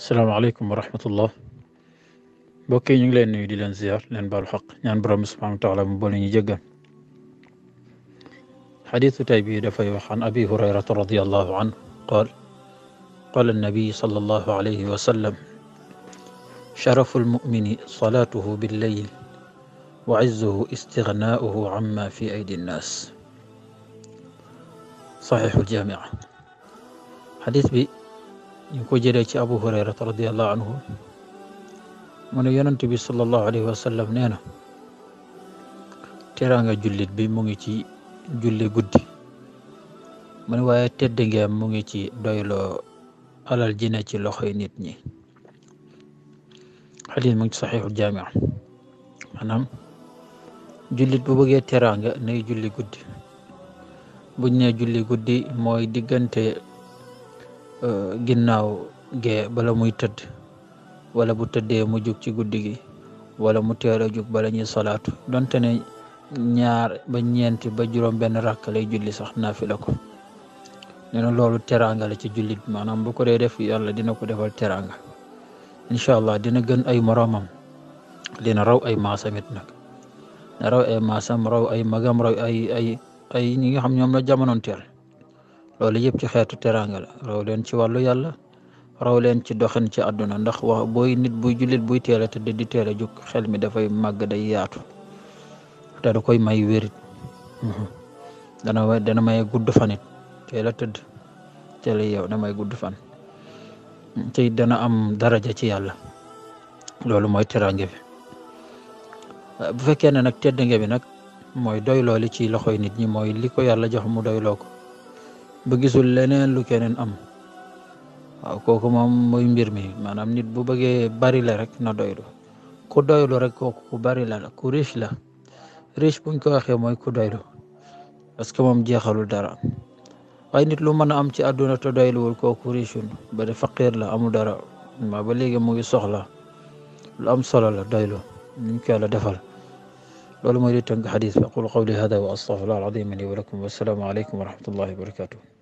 salaamaaleykum wa rahmatullah mbokk yi ñu ngi leen nuyu di leen ziar leen baalu xaq ñaan borom subhanahu wa taala mu boole ñu jéggal xadiisu tey bii dafay wax an abi hurayrata radiallahu anhu qaal qaala annabi sallallahu alayhi wa sallam sharafu almumini salaatuhu billeyl wa izzuhu istignaauhu amma fi aydi nnaas saxiixul jaamica xadiis bi ñu ko jëlee ci abu hurayrata radiallahu anhu mu ne bi sallallahu alayhi wa sallam teraanga jullit bi mu ngi ci julli guddi mu waaye tedd ngeem mu ngi ci doyloo alal ji ci loxo loxoy nit ñi xadis mu ngi ci saxiixu jaamia maanaam jullit bu bëggee teraanga nay julli guddi buñ ne julli guddi mooy diggante Eh, ginnaaw gee bala muy tëdd wala bu tëddee mu jug ci guddi gi wala mu teel a jug bala ñuy solaatu donte ne ñaar ba ñeenti ba juróom benn rakk lay julli sax naafila ko nee na loolu teraanga la ci jullit maanaam bu ko dee def yàlla dina ko defal teraanga incha allah dina gën ay moromam dina raw ay maasamit nag na raw ay maasam raw ay magam raw ay ay ay ñi nga xam ñoom la jamonoon teel loolu yëpp ci xeetu teraanga la raw leen ci wàllu yàlla raw leen ci doxin ci àdduna ndax wax booy nit buy jullit buy teel a tëdd di teel a jóg xel mi dafay màgg day yaatu te da koy may wérit mhm. dana dana may gudd fanit teel a tëdd teel yow damay gudd fan te dana am daraja ci yàlla loolu mooy teraanga bi bu fekkee ne nag tedd nga bi nag mooy doy li ci loxoy nit ñi mooy li ko yàlla jox mu doyloo ko ba gisul leneen lu keneen am waaw kooku moom mooy mbir mi maanaam nit bu bëggee bari la rek na doylu ku doylu rek kooku ku bari la ku riis la riche buñ ko waxee mooy ku doylu parce que moom jeexalul dara waaye nit lu mën a am ci àdduna te doyluwul kooku richun ba de faqir la amul dara ma ba léegi mu ngi soxla lu am solo la doylu ñu ko la defal لو لم يريد تنقى حديث فأقول قولي هذا وأستغفر الله العظيم لي ولكم والسلام عليكم ورحمة الله وبركاته